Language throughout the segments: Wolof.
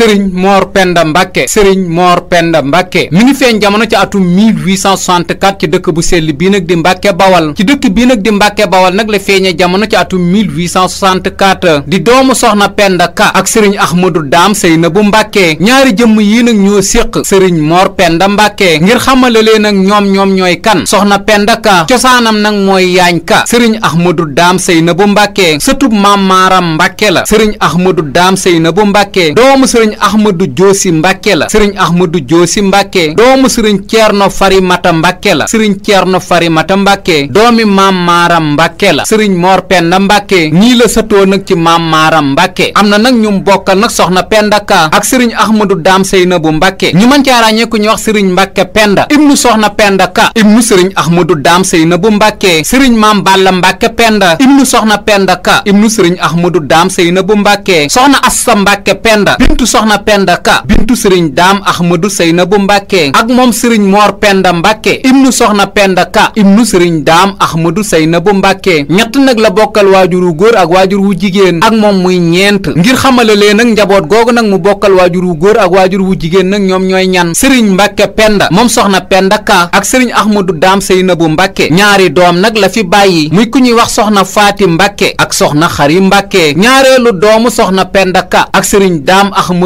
Serigne Mor Penda Mbacke Serigne moor Penda Mbacke mi ngi feeñ jamono ci atum 1864 ci dëkk bu sell bii nag di Mbacke Bawal ci dëkk bii nag di Mbacke Bawal nag la feeñee jamono ci atum 1864 di doomu soxna Penda Ka ak daam Ahmadou na Seynabou Mbacke ñaari jëmm yii nag ñoo séq Serigne Mor Penda Mbacke ngir xamale leen nag ñoom ñoom ñooy kan soxna Penda Ka cosaanam nag mooy Yaañ Ka Serigne Ahmadou Dame Seynabou Mbacke sëtub maam Maaram Mbacke la Serigne Ahmadou Dame Seynabou Mbacke doomu Serigne sëriñ Ahmadou Diossi Mbacke la sëriñ Ahmadou Diossi Mbacke doomu sëriñ no Thierno Farimata Mbacke la sëriñ Thierno Farimata Mbacke doomi maam Maaram Mbacke la sëriñ Mor Penda Mbacke ñii la sëtoo nag ci maam Maaram Mbacke am na nag ñum bokkal nag soxna Penda Ka ak sëriñ Ahmadou na bu Mbacke ñu mën caa ràññee ku ñuy wax sëriñ Mbacke Penda ibnu soxna Penda Ka ibnu sëriñ Ahmadou Dame Seynabou Mbacke sëriñ maam Balla Mbacke Penda ibnu soxna Penda Ka ibnu sëriñ Ahmadou Dame Seynabou Mbacke soxna Assa soxna penda ka bintu sëriñ daam axmadu seynabu mbàkke ak moom sëriñ moor penda mbàkke ibnu soxna penda ka ibnu sëriñ daam axmadu seynabu mbàkke ñett nag la bokkal waajur wu góor ak waajur wu jigéen ak moom muy ñeent ngir xamale leen nag njaboot googu nag mu bokkal waajur wu góor ak waajur wu jigéen nag ñoom ñooy ñan sëriñ mbàkke penda moom soxna penda ka ak sëriñ axmadu daam na bu mbàkke ñaari doom nag la fi bàyyi muy ku ñuy wax soxna faati mbàkke ak soxna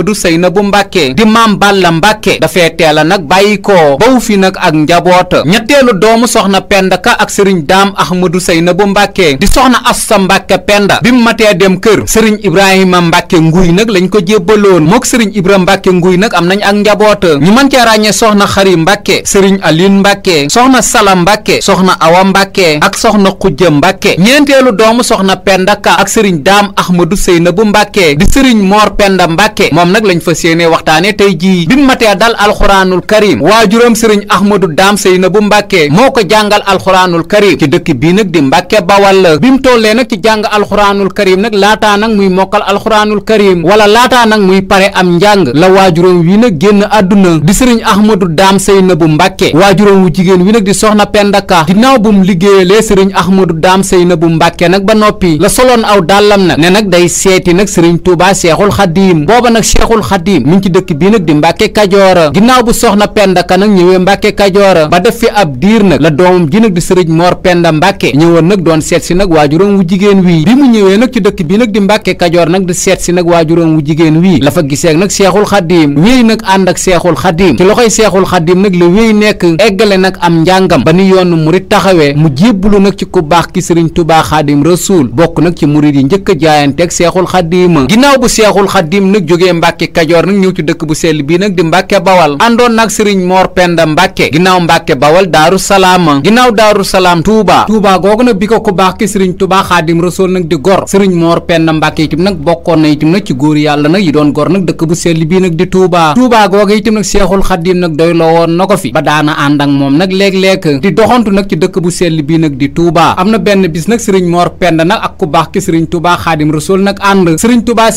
Mamadou Seynabu Mbàkke di maam Balla Mbàkke dafee teel a nag bàyyi ko bawu fi nag ak njaboota ñetteelu doomu soxna Penda ak sëriñ Daam Ahmadou Seynabu Mbàkke di soxna Assa Mbàkke Penda bi mu matee dem kër sëriñ Ibrahima Mbàkke Nguy nag lañ ko jébbaloon mook sëriñ Ibra Mbàkke nguuy nag am nañ ak njaboota ñu man cee ràññee soxna Xari Mbàkke sëriñ Aline Mbàkke soxna Sala Mbàkke soxna Awa Mbàkke ak soxna Xujja Mbàkke ñeenteelu doomu soxna Penda ak sëriñ Daam Ahmadou Seynabu Mbàkke di sëriñ Mor Penda Mbàkke moom nag lañ fas yéene waxtaane tey jii bi mu matee dal alxuraanul karim waajuram sëriñ ahmadou daam na seynabu mbàkke moo ko jàngal alxuraanul karim ci dëkk bii nag di mbàkke bawal bi mu tollee nag ci jàng alxuraanul karim nag laataa nag muy mokkal alxuraanul karim wala laataa nag muy pare am njàng la waajuram wi nag génn àdduna di sëriñ ahmadou daam na seynabu mbàkke waajuram wu jigéen wi nag di soxna pendaka ginnaaw bu mu liggéeyalee sëriñ ahmadou daam seynabu mbàkke nag ba noppi la soloon aw dàllam nag ne nag day cheikhul xadim mu ci dëkk bii nag di mbàkke kajoora ginnaaw bu soxna penda ka nag ñëwee mbàkke kajoora ba def fi ab diir nag la doomam ji nag di sëriñ moor penda mbàkke ñëwoon nag doon seetsi si nag waajuram wu jigéen wii bi mu ñëwee nag ci dëkk bi nag di mbàkke kajoor nag di seet si nag waajuram wu jigéen wii lafa fa giseeg nag seexul xadim wéy nag ànd ak seexul xadim ci loxoy seexul xadim nag la wéy nekk eggale nag am njàngam ba ni yoonu murit taxawee mu jébbalu nag ci ku baax ki sëriñ tubaa xaadim rasuul bokk nag ci murit yi njëkk a jaayanteeg seexul xadim ginnaaw bu nag jógee mbàkke kajoor nag ñëw ci dëkk bu sell bii nag di mbàkke bawal àndoon nag sëriñ moor penda mbàkke ginnaaw mbàkke bawal daaru salaama ginnaaw daaru salaam tuuba tuuba googu nag bi ko ku baax ki sëriñ tuuba xaadim rasool nag di gor sëriñ moor penda mbàkke itam nag bokkoon na itam nag ci góor yàlla nag yi doon gor nag dëkk bu sell bii nag di tuuba tuuba googu itam nag seexul xaadim nag doy na ko fi ba daana ànd ak moom nag léeg-léeg di doxantu nag ci dëkk bu sell bii nag di tuuba am na benn bis nag sëriñ moor penda ku baax ki sëriñ tuuba xaadim rasool nag ànd sëriñ tuuba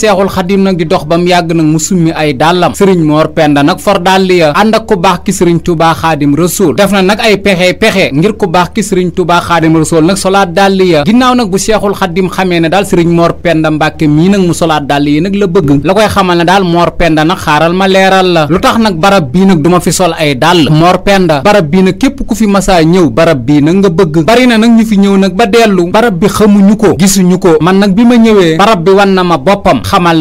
nag mu summi ay dàllam sëriñ moor penda nag for dàlli ya ànd ak ku baax ki sëriñ tubaa xaadim rasuul def na nag ay pexe pexe ngir ku baax ki sëriñ tubaa xaadim rasuul nag solaat dàlli ya ginnaaw nag bu seexul xaadim xamee ne daal sëriñ moor penda mbàkke mii nag mu solaat dàlli yi nag la bëgg la koy xamal ne daal moor penda nag xaaral ma leeral la lu tax nag barab bii nag duma fi sol ay dàll moor penda barab bii nag képp ku fi masaa ñëw barab bii nag nga bëgg ba dellu barab bi xamuñu ko gisuñu ko man nag bi ma ñëwee barab bi wan na ma boppam xamal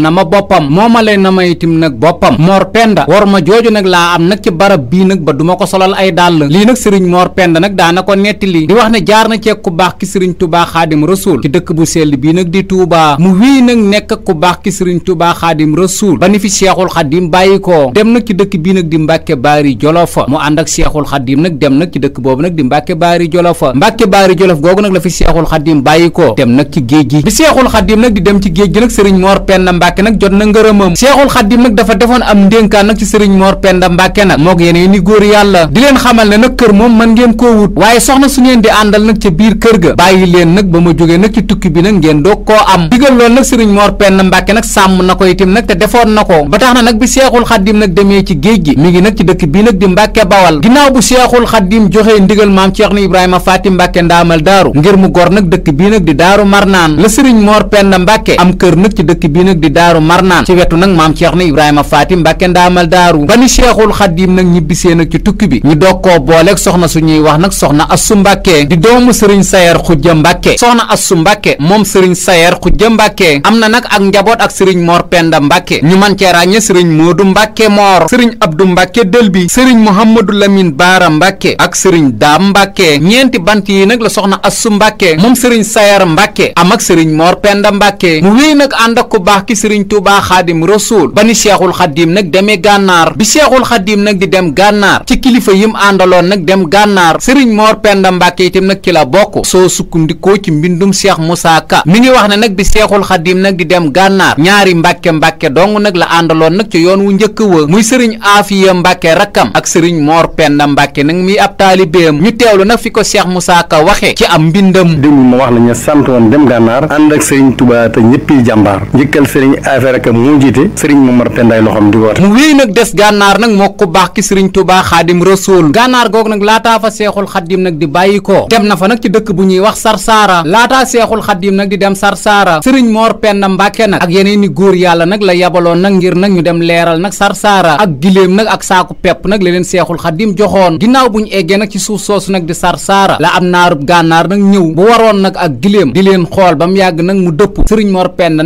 na ma itim nag boppam Mor Penda war ma jooju nag laa am nag ci barab bii nag ba du ma ko solal ay dàll lii nag sëriñ Mor Penda nag daana ko nettali di wax ne jaar na ceeg ku baax ki sëriñ Tuubaa Xaadim Rasuul ci dëkk bu sell bii nag di Tuubaa mu wii nag nekk ku baax ki sëriñ Tuubaa Xaadim Rasuul ba ni fi Seexul Xaadim bàyyi ko dem nag di Mbàkke Baari nag dem nag ci dëkk boobu nag di Mbàkke Baari Jolofa Mbàkke Baari Jolof googu nag la fi Seexul Xaadim bàyyi dem nag ci géej gi nag di dem ci géej gi nag sëriñ Mor Penda Mbàkke nag jot na ngërëmam Seexul Xaddim nag dafa defoon am ndénkaan nag ci sëriñ Mor Penda Mbàkke nag moo ko yeneen ni góor yàlla di leen xamal ne nag kër moom mën ngeen koo wut waaye soxna su ngeen di àndal nag ca biir kër ga leen nag ba ma jógee nag ci tukki bi nag ngeen doog koo am digal loolu nag sëriñ Mor Penda Mbàkke nag sàmm na ko itam nag te defoon na ko ba tax na nag bi Seexul Xaddim nag demee ci géej gi mi ngi nag ci dëkk bii nag di Mbàkke Bawal ginnaaw bu Seexul Xaddim joxee ndigal maam Ceerno Ibrahima Faati Mbàkke ndaamal daaru ngir mu gor nag dëkk bii nag di daaru Marnaan la sëriñ Mor Penda Mbàkke am kër nag ci dëkk bii nag di daaru Marnaan ci wetu nag maam Cerno Ibrahima Faati Mbàkke ndaamal daaru ba ni Seexul Xadiim nag ñibbisee ñu doog koo booleeg soxna suñuy wax nag soxna Assu Mbàkke di doomu sëriñ Sayer Xujja Mbàkke soxna Assu Mbàkke am na nag ak njaboot ak sëriñ Mor Penda Mbàkke ñu man cee ràññe sëriñ Moodu Mbàkke Moor sëriñ Abdu Mbàkke Dëlbi sëriñ Muhammadu Lamin Baara Mbàkke ak sëriñ Daam Mbàkke ñeenti bant yi nag la soxna Assu Mbàkke moom sëriñ Sayer Mbàkke am ak sëriñ Mor Penda Mbàkke mu wéy nag ànd ak ku baax ki sëriñ Tuubaa Xaadim Rasuul rasul ba ni seexul xaddiim nag demee gànnaar bi seexul xaddiim nag di dem gànnaar ci kilifa yim àndaloon nag dem gànnaar sëriñ moor penda mbàkke itam nag ci bokk soo sukkandikoo ci mbindum seex musaa ka mi ngi wax ne nag bi seexul xaddiim nag di dem gànnaar ñaari mbàkke mbàkke dong nag la àndaloon nag ci yoon wu njëkk wa muy sëriñ aafiya mbàkke rakkam ak sëriñ moor penda mbàkke nag muy ab taalibeem ñu teewlu nag fi ko seex musaa ka waxe ci am mbindam déglu ma wax lañu ñu santoon dem gànnaar ànd ak sëriñ tubaa te ñëppi jàmbaar njëkkal sëriñ aafiya rakkam moo jiite sëriñ Momar Pendaay loxoom di woote mu wéy nag des gànnaar nag moo ku baax ki sëriñ Tuubaa Xaadim Rasuul gànnaar googu nag laataa fa seexul xaddim nag di bàyyi ko dem na fa nag ci dëkk bu ñuy wax Sarsaara laataa seexul xaddim nag di dem Sarsaara sëriñ Moor Penda Mbàkke nag ak yeneen ni góor yàlla nag la yabaloon nag ngir nag ñu dem leeral nag Sarsaara ak giléem nag ak saaku pepp nag la leen seexul xaddim joxoon ginnaaw bu ñu eggee nag ci suuf soosu nag di Sarsaara la am naarub gànnaar nag ñëw bu waroon nag ak giléem di leen xool ba mu yàgg nag mu dëpp sëriñ Moor Penda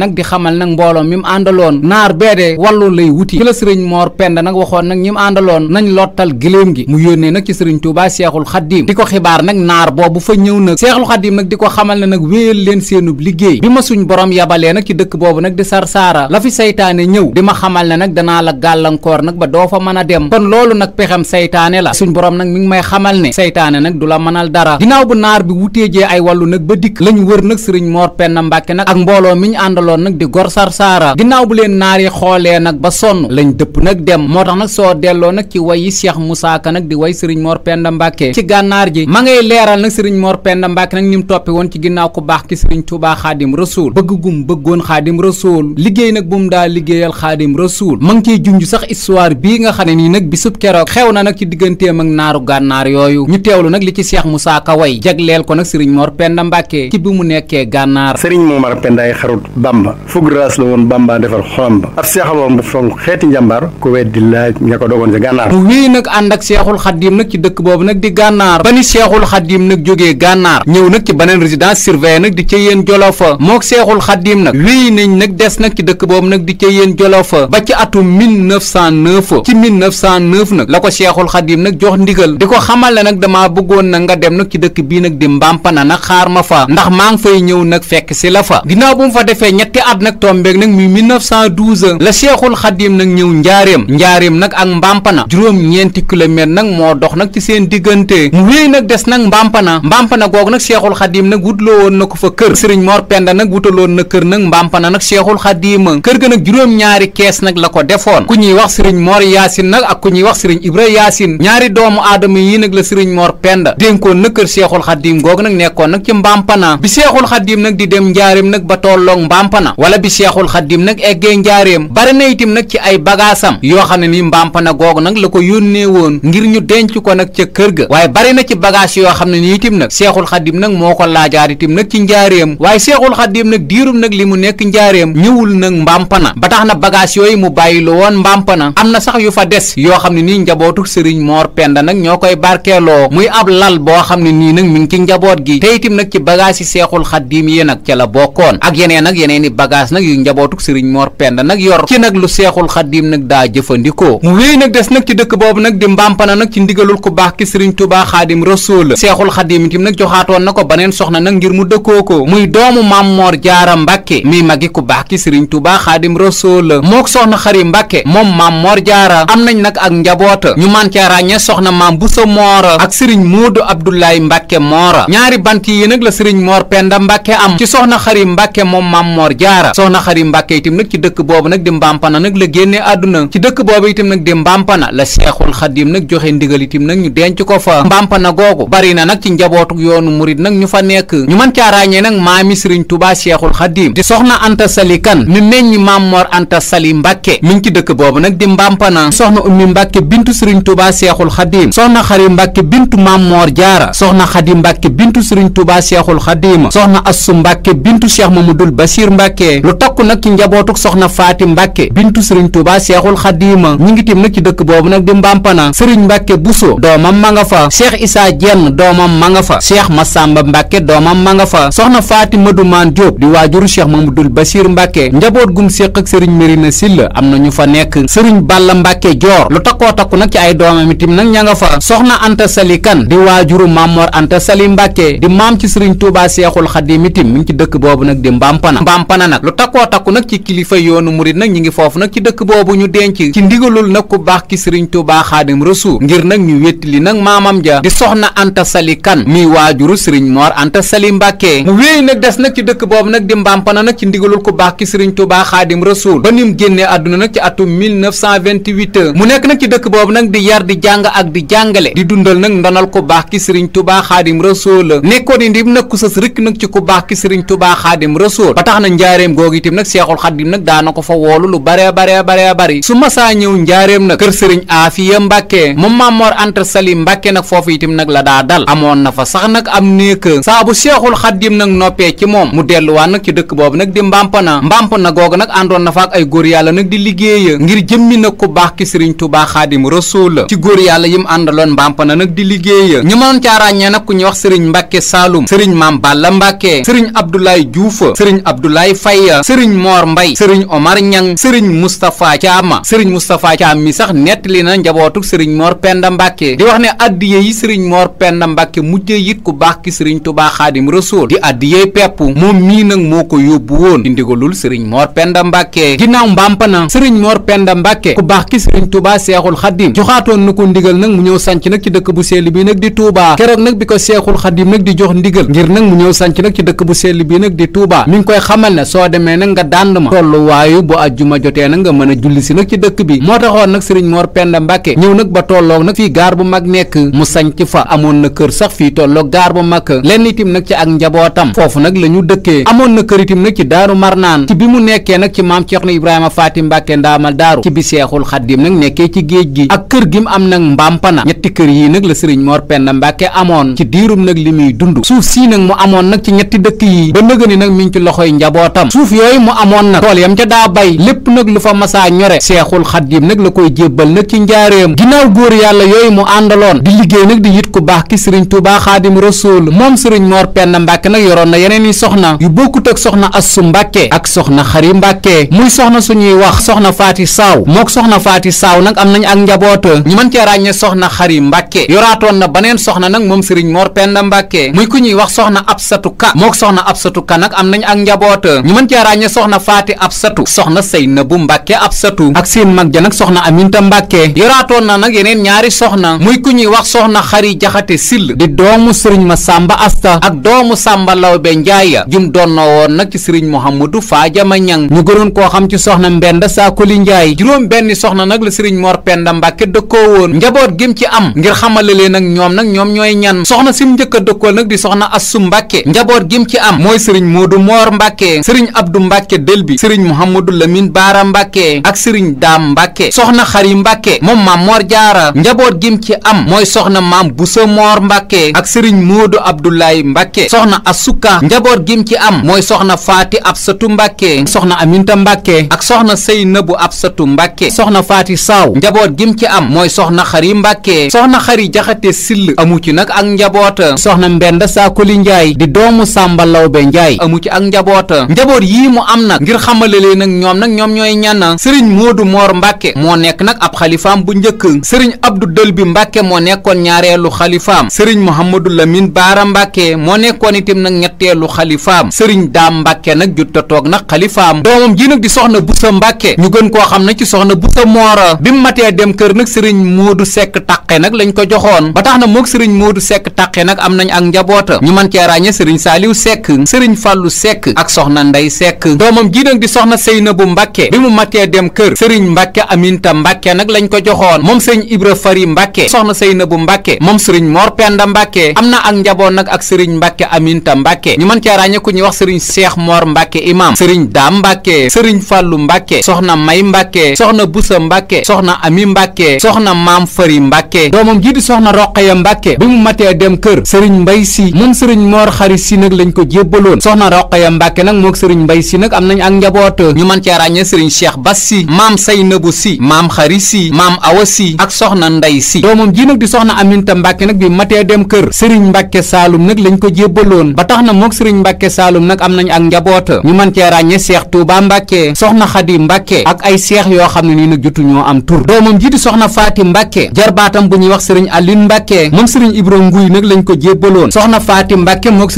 bee de wàllu lay wuti ci la sëriñ Mor Penda nag waxoon nag ñi mu àndaloon nañ lottal giléem gi mu yónnee nag ci sëriñ Touba Seexul Xaddiim di ko xibaar nag naar boobu fa ñëw nag Seexul Xaddiim nag di ko xamal ne nag wéyal leen seenub liggéey bi ma suñ borom yabalee nag ci dëkk boobu nag di Sarsaara la fi saytaane ñëw di ma xamal ne nag danaa la gàllankoor nag ba doo fa mën a dem kon loolu nag pexem saytaane la suñ borom nag mi ngi may xamal ne saytaane nag du la mënal dara ginnaaw bu naar bi wuteejee ay wàllu nag ba dikk lañ wër nag sëriñ Mor Penda Mbàkke nag ak mbooloo mi ñu àndaloon nag di gor xoolee nag ba sonn lañ dëpp nag dem moo tax nag soo delloo nag ci wayi Cheikh Moussa Ka nag di way Serigne Mor Penda Mbacke ci gànnaar ji ma ngay leeral nag Serigne Mor Penda Mbacke nag ni mu toppi woon ci ginnaaw ku baax ki Serigne Touba Xaadim Rasuul bëgg gum bëggoon Xaadim Rasuul liggéey nag bu mu daa liggéeyal Xaadim Rasuul ma ngi ciy junj sax histoire bii nga xam ne nii nag bisub keroog xew na nag ci digganteem ak naaru gànnaar yooyu ñu teewlu nag li ci Cheikh Moussa Ka way jagleel ko nag Serigne Mor Penda Mbacke ci bi mu nekkee gànnaar Serigne Mor Penda ay xarut Bamba fugg raas la woon Bamba defar xolam ba ab seexal woon bu fonk xeeti njàmbaar ku weddi laaj ña ko dogoon ci mu wéy nag ànd ak seexul xaddiim nag ci dëkk boobu nag di gànnaar ba ni seexul xaddiim nag jógee gànnaar ñëw nag ci beneen résidence surveillée nag di ca yéen jolofa mook seexul xaddiim nag wéy nañ nag des nag ci dëkk boobu nag di ca yéen jolofa ba ci atum 1909 ci 1909 nag la ko seexul xaddiim nag jox ndigal di ko xamal nag damaa bëggoon na nga dem nag ci dëkk bii nag di mbàmpana nag xaar ma fa ndax maa ngi fay ñëw nag fekk si ba la seexul xadim nag ñëw njaareem njaareem nag ak mbampana juróom-ñeenti kilomètre nag moo dox nag ci seen diggante mu wéy nag des nag mbampana mbampana googu nag seexul xadim nag wutloo woon na ko fa kër sëriñ Mor Penda nag wutaloon na kër nag mbampana nag seexul xadim kër ga nag juróom-ñaari kees nag la ko defoon ku ñuy wax sëriñ Mor Yaasin nag ak ku ñuy wax sëriñ Ibra Yaasin ñaari doomu aadama yi nag la sëriñ Mor Penda dénkoon na kër seexul xadim googu nag nekkoon nag ci mbampana bi seexul xadim nag di dem njaareem nag ba tolloog mbampana wala yéreem bari na itim nag ci ay bagaasam yoo xam ne mbampa na googu nag la ko yónnee woon ngir ñu denc ko nag ca kër ga waaye bari na ci bagaas yoo xam ne ni itim nag seexul xadim nag moo ko laajaat itim nag ci njaareem waaye seexul xadim nag diirum nag li mu nekk njaareem ñëwul nag mbampana ba tax na bagaas yooyu mu bàyyilu woon mbampana am na sax yu fa des yoo xam ne nii njabootu sëriñ moor penda nag ñoo koy barkeeloo muy ab lal boo xam ne nii nag mi ngi ci njaboot gi te itim nag ci bagaas yi seexul xadim yi nag ca la bokkoon ak yeneen ak yeneen i nag yu njabootu sëriñ moor yor ci nag lu seexul xaddiim nag daa jëfandikoo mu wéy nag des nag ci dëkk boobu nag di mbampana nag ci ndigalul ku baax ki sëriñ tubaa xaadim rasul seexul xaddiim itam nag joxaatoon na ko baneen soxna nag ngir mu dëkkoo ko muy doomu mammoor jaara mbàkke mi magi ku baax ki sëriñ tubaa xaadim rasul mook soxna xari mbakke moom mammoor jaara am nañ nag ak njaboota ñu man ca ràññe soxna maam bu busa moora ak sëriñ muudu abdoulaye mbakke moora ñaari bant yi nag la sëriñ moor penda mbàkke am ci soxna xari mbàkke moom mammoor jaara soxna xari mbàkke itam nag ci dëkk boobu nag nag di mbampana nag la génne àdduna ci dëkk boobu itam nag di mbampana la seexul xadim nag joxe ndigal itam nag ñu denc ko fa mbampana googu bari na nag ci njabootu yoonu murit nag ñu fa nekk ñu mën caa ràññee nag maami sëriñ tubaa seexul xadim di soxna anta kan mi meññi maam mor anta sali ci dëkk boobu nag di mbampana soxna ummi mbàkke bintu sëriñ tubaa seexul xadim soxna xari mbàkke bintu maam mor jaara soxna xadi mbàkke bintu sëriñ tubaa seexul xadim soxna assu mbàkke bintu cheikh mamadul basir mbàkke lu takku nag ci njabootuk Mbàkke bintu sëriñ Tuuba Seexul Xadiima ñi ngi tim nag ci dëkk boobu nag di Mbampana sëriñ Mbàkke Buso doomam ma nga fa Cheikh Isaa Jenn doomam ma nga fa Cheikh Masamba Mbàkke doomam ma nga fa soxna Faati Madumaan Jóob di waajuru Cheikh Mamadul Basiir Mbàkke njaboot gum séq ak sëriñ na Silla am na ñu fa nekk sëriñ Balla Mbàkke Joor lu takkoo takku nag ci ay doomam itim nag ña nga fa soxna Anta Sali Kan di waajuru Mamor Anta Sali Mbàkke di maam ci sëriñ Tuuba Seexul Xadiim itim mi dëkk boobu nag di Mbampana nag ñi ngi foofu nag ci dëkk boobu ñu denc ci ndigalul nag ku baax ki sëriñ Tuubaa Xaadim Rasuul ngir nag ñu wéttali nag maamam ja di soxna Anta Sali Kan muy waajuru sëriñ Moor Anta Sali Mbàkke mu wéy nag des nag ci dëkk boobu nag di mbàmpana nag ci ndigalul ku baax ki sëriñ Tuubaa Xaadim Rasuul ba nim génnee àdduna nag ci atum 1928 mu nekk nag ci dëkk boobu nag di yar di jàng ak di jàngale di dundal nag ndonal ku baax ki sëriñ Tuubaa Xaadim Rasuul nekkoon itam nag ku sës rëkk nag ci ku baax ki sëriñ Tuubaa Xaadim Rasuul ba tax na njaareem googu itam nag Seexul Xaadim nag daana ko woolu lu baree baree baree bari su masaa ñëw njaareem nag kër sëriñ aafiya mbàkke moom maamoor anta sali mbàkke nag foofu itam nag la daa dal amoon na fa sax nag am néeg saa bu seexul xaddim nag noppee ci moom mu delluwaat nag ci dëkk boobu nag di mbampana mbampana googu nag àndoon na fa ak ay góor yàlla nag di liggéeya ngir jëmmi nag ku baax ki sëriñ tubaa xaadim rasuul ci góor yàlla yim àndaloon mbampana nag di liggéeya ñi mënoon caa ràññee nag ku ñuy wax sëriñ mbàkke saalum sëriñ maam balla mbàkke sëriñ abdoulaye juufa ñang sëriñ Moustapha Thiam sëriñ Moustapha Thiam mi sax nettali na njabootuk sëriñ Mor Penda Mbàkke di wax ne addiye yi sëriñ Mor Penda Mbàkke mujje yit ku baax ki sëriñ Tubaa Xaadim Rasuul di addiye pepp moom mii nag moo ko yóbbu woon di ndigalul sëriñ Mor Penda Mbàkke ginnaaw mbampana sëriñ Mor Penda Mbàkke ku baax ki sëriñ Tubaa Seexul Xaadim joxaatoon na ko ndigal nag mu ñëw sanc nag ci dëkk bu sell bi nag di Touba keroog nag bi ko Seexul Xaadim nag di jox ndigal ngir nag mu ñëw sanc nag ci dëkk bu sell bi nag di Touba mi ngi koy xamal ne soo demee ajjuma jotee nag nga mën a julli si nag ci dëkk bi moo taxoon nag sëriñ Mor Penda Mbàkke ñëw nag ba tolloog nag fii gaar bu mag nekk mu sanc fa amoon na kër sax fii tolloog gaar bu mag lenn itim nag ci ak njabootam foofu nag la ñu dëkkee amoon na kër itim nag ci daaru marnaan ci bi mu nekkee nag ci maam Ceerno Ibrahima Faati Mbàkke ndaamal daaru ci bi seexul xaddim nag nekkee ci géej gi ak kër gi mu am nag mbampana ñetti kër yii nag la sëriñ Mor Penda Mbàkke amoon ci diirum nag li muy dund suuf sii nag mu amoon nag ci ñetti dëkk yi ba nëgëni nag mi njabootam suuf tey lépp nag lu fa masaa ñore seexul xaddim nag la koy jébbal nag ci njaareem ginnaaw góor yàlla yooyu mu àndaloon di liggéey nag di yit ku baax ki sëriñ Tuubaa xaadim rasuul moom sëriñ Moor Penda Mbàkke nag yoroon na yeneen yi soxna yu bokkut ak soxna Assu Mbàkke ak soxna Xari Mbàkke muy soxna suñuy wax soxna Faati Saaw mook soxna Faati Saaw nag am nañ ak njaboota ñu mën cee ràññe soxna Xari Mbàkke yoraatoon na beneen soxna nag moom sëriñ Moor pen Mbàkke muy ku ñuy wax soxna Absatu Ka mook soxna Absatu Ka nag am nañ ak njaboota soxna Seynabu Mbàkke Absatu ak seen mag ja nag soxna Aminta Mbàkke yoraatoon na nag yeneen ñaari soxna muy ku ñuy wax soxna Xari Jaxate Sill di doomu sëriñ ma Sàmba Asta ak doomu Sàmba Lawbe Njaaya jum donna woon nag ci sëriñ Mohamadou Faajama Ñang ñu gënoon koo xam ci soxna mbenn Mbenda Saakuli Njaay juróom benn soxna nag la sëriñ Mor Penda Mbàkke dëkkoo woon njaboot gim ci am ngir xamale leen nag ñoom nag ñoom ñooy ñan soxna sim njëkk a dëkkool nag di soxna Assu Mbàkke njaboot gim ci am mooy sëriñ Moodu Moor Mbàkke sëriñ Abdu Lamine Baara Mbàkke ak sëriñ Daam Mbàkke soxna Xari Mbàkke moom maam moor Jaara njaboot gim ci am mooy soxna maam Buso Moor Mbàkke ak sëriñ Moodu Abdoulaye Mbàkke soxna Asuka njaboot gim ci am mooy soxna Faati satu Mbàkke soxna Aminta Mbàkke ak soxna Seynabu satu Mbàkke soxna Faati Saaw njaboot gim ci am mooy soxna xar Xari Mbàkke soxna yi Jaxate Sill amu ci nag ak njaboota soxna Mbenda Saakuli Njaay di doomu Sàmba Lawbe Njaay amu ci ak njaboota njaboot yii nag ñoom ñooy ñan sëriñ Modou moor Mbacke moo nekk nag ab xalifaam bu njëkk sëriñ Abdou bi Mbacke moo nekkoon ñaareelu xalifaam sëriñ Mouhamadou Lamine Baara Mbacke moo nekkoon itam nag ñetteelu xalifaam sëriñ Daam Mbacke nag jutta toog nag xalifaam doomam ji nag di soxna Boussa Mbacke ñu gën koo xam ne ci soxna Boussa Moora bi mu matee dem kër nag sëriñ Modou sekk Taqe nag lañ ko joxoon ba tax na mook sëriñ Modou sekk Taqe nag am nañu ak njaboota mën cee ràññee sëriñ Saliou Seck sëriñ Fallou Seck ak soxna Ndey Seck Mbàkke bi mu matee dem kër sëriñ Mbàkke Aminta Mbàkke nag lañ ko joxoon moom sëriñ Ibra Fari Mbàkke soxna Seynabu Mbàkke moom sëriñ Mor Penda Mbàkke am na ak njaboot nag ak sëriñ Mbàkke Aminta Mbàkke ñu man cee ràññe ku ñuy wax sëriñ Seex Mor Mbàkke imam sëriñ Daam Mbàkke sëriñ Fàllu Mbàkke soxna May Mbàkke soxna Busa Mbàkke soxna Ami Mbàkke soxna Maam Fari Mbàkke doomam jii di soxna Roqaya Mbàkke bi mu matee dem kër sëriñ Mbay Si moom sëriñ Mor Si nag lañ ko jébbaloon soxna Roqaya Mbàkke nag mook sëriñ Mbay ca ràññe sëriñ cheikh bas si maam saynabu si maam xari si maam awa si ak soxna ndey si doomam ji nag di soxna aminta mbàkke nag bi matee dem kër sëriñ mbàkke saalum nag lañ ko jébbaloon ba tax na mook sëriñ mbàkke saalum nag am nañu ak njaboota ñu mën cee ràññe cheikh touba mbàkke soxna xadi mbàkke ak ay seex yoo xam ne nii nag jotu ñoo am tur doomam ji di soxna faati mbàkke jarbaatam bu ñuy wax sëriñ alin mbàkke moom sëriñ ibra nguy nag lañ ko jébbaloon soxna faati mbàkke mook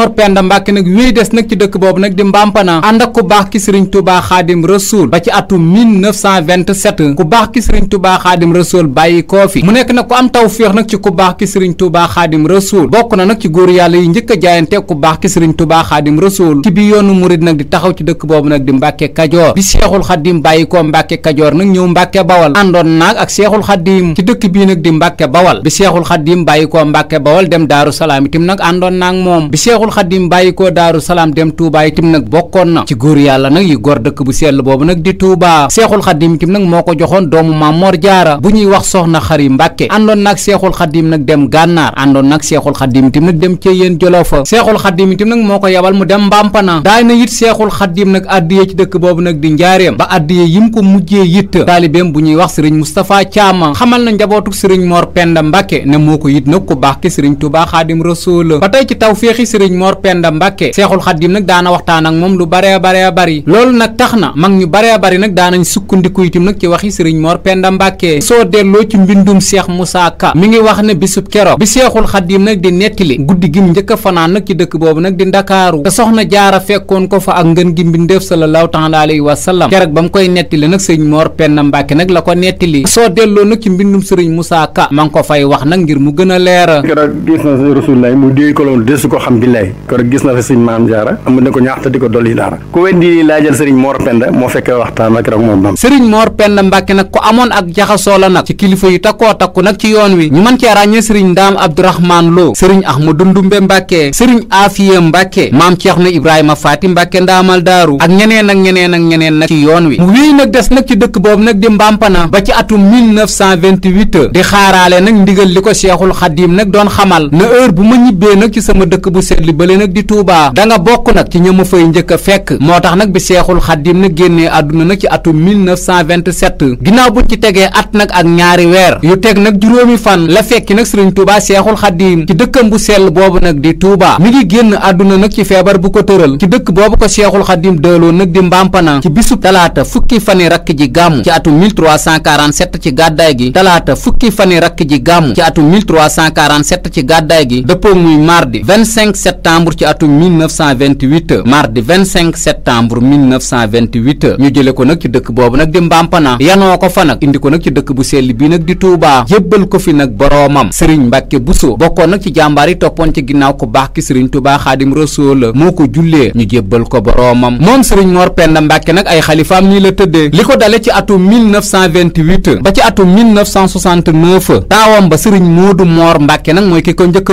Moor Penda Mbàkke nag wéy des nag ci dëkk boobu nag di Mbampana ànd ak ku baax ki Sëriñ Tuubaa Xaadim Rasuul ba ci atum 1927 ku baax ki Sëriñ Tuubaa Xaadim Rasuul bàyyi koo fi mu nekk nag ku ci ku baax ki bokk na nag ci góor yàlla yi njëkk a jaayante ku baax ki Sëriñ Tuubaa Xaadim Rasuul ci bi yoonu murid nag di taxaw ci dëkk boobu nag di Mbàkke Kajoor bi Seexul Xaadim bàyyi koo Mbàkke Kajoor nag ñëw Mbàkke Bawal àndoon naag ak Seexul Xaadim ci dëkk bii nag di Mbàkke Bawal bi Seexul Xaadim bàyyi koo Mbàkke Bawal dem Daaru Salaam itam nag àndoon Seexul Xaddim bàyyi ko Daaru Salaam dem Touba itam nag bokkoon na ci góor yàlla nag yu gor dëkk bu sell boobu nag di Touba Seexul Xaddim itam nag moo ko joxoon doomu Maam Mor Jaara bu ñuy wax Soxna Xari Mbàkke àndoon nag Seexul Xaddim nag dem Gànnaar àndoon nag Seexul Xaddim itam nag dem Ceyeen Jolofa Seexul Xaddim itam nag moo ko yabal mu dem Mbampana daay na it Seexul Xaddim nag addiye ci dëkk boobu nag di njaareem ba addiye yim ko mujjee it bu ñuy wax Sëriñ Moustapha Caama xamal na njabootuk Sëriñ moo ko it nag ku baax ki Sëriñ Touba Xaadim Rasuul ba Mor Penda Mbàkke Seexul Xaddim nag daana waxtaan ak moom lu bare bare bari loolu nag tax na mag ñu bare bari nag daanañ sukkandiku itam nag ci waxi Sëriñ Mor Penda Mbàkke soo delloo ci mbindum Seex Musaa Ka mi ngi wax ne bisub keroog bi Seexul Xaddim nag di nettali guddi gi mu njëkk a fanaan nag ci dëkk boobu nag di Ndakaaru te soxna Jaara fekkoon ko fa ak ngën gi mbindeef sallallahu taala alayhi wa sallam keroog ba mu koy nettali nag Sëriñ Mor Penda Mbàkke nag la ko nettali soo delloo nag ci mbindum Sëriñ Musaa Ka ma ngi ko fay wax nag ngir mu gën leera na Rasulullaah mu déey ko loolu desu Njaay keroog gis na fa sëñ maam jaara amu ne ko ñaax di ko dolli dara ku weddi laajal sëriñ Mor Penda moo fekkee waxtaan ak rek moom bam sëriñ Mor Penda Mbàkke nag ko amoon ak jaxasoo la nag ci kilifa yu takkoo takku nag ci yoon wi ñu mën cee ràññee sëriñ Ndaam Abdourahmaan Lo sëriñ Ahmadu Ndumbe Mbàkke sëriñ Afiye Mbàkke maam Ceerno Ibrahima Faati Mbàkke ndaamal daaru ak ñeneen ak ñeneen ak ñeneen nag ci yoon wi mu wéy nag des nag ci dëkk boobu bële nag di Touba da nga bokk nag ci ñëma fay njëkk a fekk moo tax nag bi seexul xaddim nag génnee àdduna nag ci atum 1927 ginnaaw bu ci tegee at nag ak ñaari weer yu teg nag juróomi fan la fekki nag sëriñ Touba seexul xaddim ci dëkkam bu sell boobu nag di Touba mi ngi génn àdduna nag ci feebar bu ko tëral ci dëkk boobu ko seexul xaddim dëeloo nag di mbampana ci bisub talaata fukki fani rakk ji gàmm ci atum 1347 ci gàddaay gi talaata fukki fani rakk ji gàmm ci atum 1347 ci gàddaay gi dëppoo muy mardi 25 septembre septembre ci atum 1928 mardi 25 septembre 1928 ñu jële ko nag ci dëkk boobu nag di Mbampana yanoo ko fa nag indi ko nag ci dëkk bu sell bii nag di Touba jébbal ko fi nag boroomam Serigne Mbacke Bousso bokkoon nag ci jàmbaar yi toppoon ci ginnaaw ko baax ki Serigne Touba Xaadim Rasool moo ko jullee ñu jébbal ko boroomam moom Serigne Mor Penda nag ay xalifaam ñii la tëddee li ko dale ci atum ba ci atum 1969 taawam ba Serigne Mor Mbacke nag mooy ki ko njëkk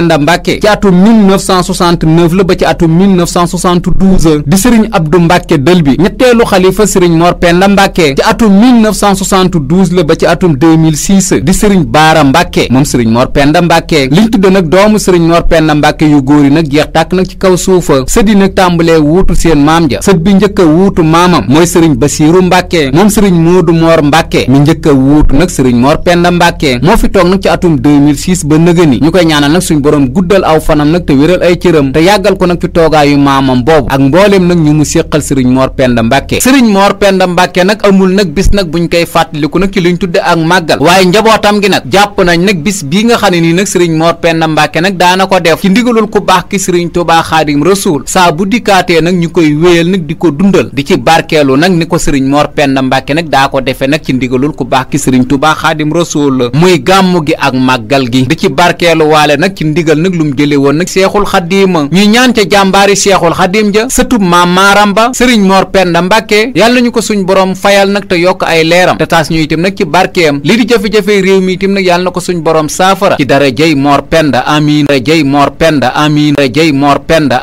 a Penda Mbàkke ci atum 1969 la ba ci atum 1972 di sëriñ Abdu Mbàkke dël bi ñetteelu xalifa sëriñ Mor Penda Mbàkke ci atum 1972 la ba ci atum 2006 di sëriñ Baara Mbàkke moom sëriñ Mor Penda Mbàkke liñ tudd nag doomu sëriñ Mor Penda Mbàkke yu góor nag jeex tàkk nag ci kaw suufa sët nag tàmbalee wuutu seen maam ja sët bi njëkk a wuutu maamam mooy sëriñ Basiiru Mbàkke moom sëriñ Moodu Moor Mbàkke mi njëkk a wuutu nag sëriñ Mor Penda Mbàkke moo fi toog nag ci atum ba nëgëni ñu koy ñaanal nag suñ suñ borom guddal aw fanam nag te wéral ay cëram te yàggal ko nag ci toogaayu maamam boobu ak mbooleem nag ñu mu séqal sëriñ Mor Penda Mbàkke sëriñ Mor Penda Mbàkke nag amul nag bis nag buñ koy fàttaliku nag ci ñu tudde ak màggal waaye njabootam gi nag jàpp nañ nag bis bi nga xam ne nii nag sëriñ Mor Penda Mbàkke nag daana ko def ci ndigalul ku baax ki sëriñ Tuubaa Xaadim Rasuul saa bu dikkaatee nag ñu koy wéyal nag di ko dundal di ci barkeelu nag ni ko sëriñ moor Penda Mbàkke nag daa ko defee nag ci ndigalul ku baax ki sëriñ Tuubaa Xaadim Rasuul muy gàmmu gi ak màggal gi di ci barkeelu waale nag ci ndigal nag lu mu jële woon nag seexul xaddiima ñuy ñaan ca jàmbaari seexul xaddiim ja sëtub maam maaram ba sëriñ moor penda mbàkke yàlla nañu ko suñ borom fayal nag te yokk ay leeram te taas ñu itam nag ci barkeem li di jafe-jafe réew mi itam nag yàlla na ko suñ borom saafara ci dara jëy moor penda amiin dara moor penda amiin dara moor penda